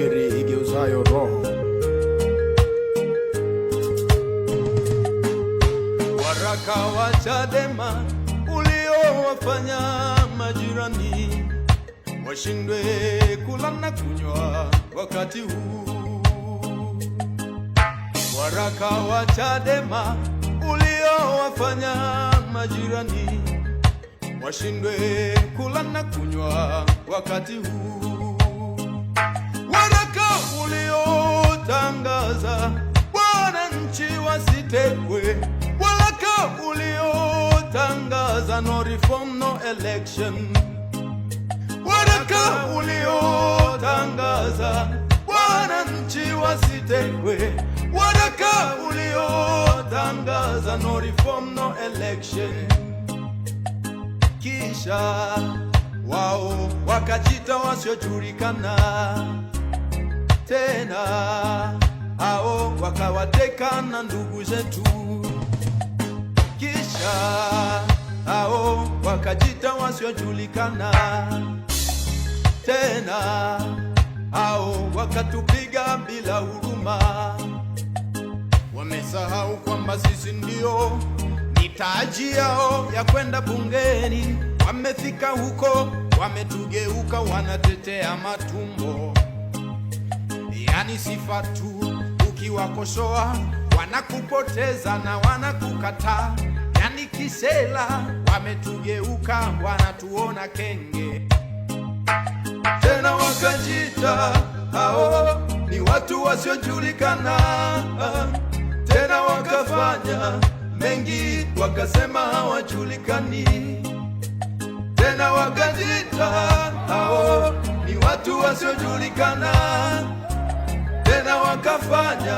Injili igeuzayo roho. Waraka wa Chadema uliowafanya majirani washindwe kula na kunywa wakati huu. Waraka wa Chadema uliowafanya majirani washindwe kula na kunywa wakati huu. Mtetwe walaka uliotangaza no reform no election, walaka uliotangaza wananchi wasitekwe, walaka uliotangaza no reform no election, kisha wao wakajita wasiojulikana tena wakawateka na ndugu zetu, kisha hao wakajita wasiojulikana tena, hao wakatupiga bila huruma. Wamesahau kwamba sisi ndio ni taji yao ya kwenda bungeni. Wamefika huko wametugeuka, wanatetea matumbo, yani sifa tu ukiwakosoa wanakupoteza na wanakukataa, yani kisela wametugeuka, wanatuona kenge tena wakajita hao ni watu wasiojulikana tena, wakafanya mengi wakasema hawajulikani tena, wakajita hao ni watu wasiojulikana na wakafanya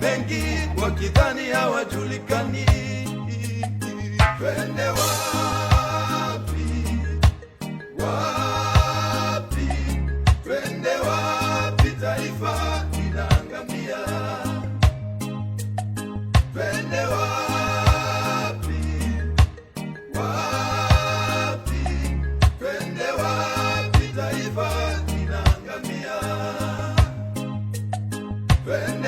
mengi wakidhani hawajulikani. Twende wa But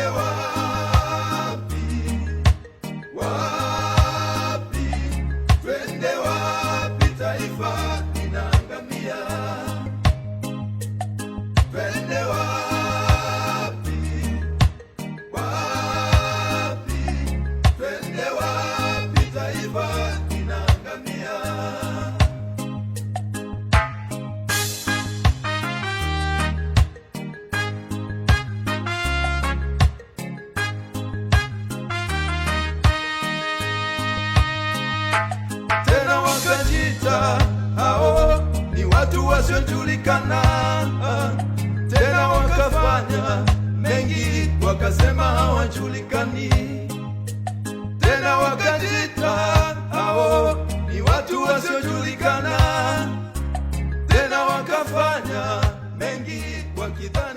wasiojulikana tena, wakafanya mengi, wakasema hawajulikani tena, wakajita hao ni watu wasiojulikana tena, wakafanya mengi wakidha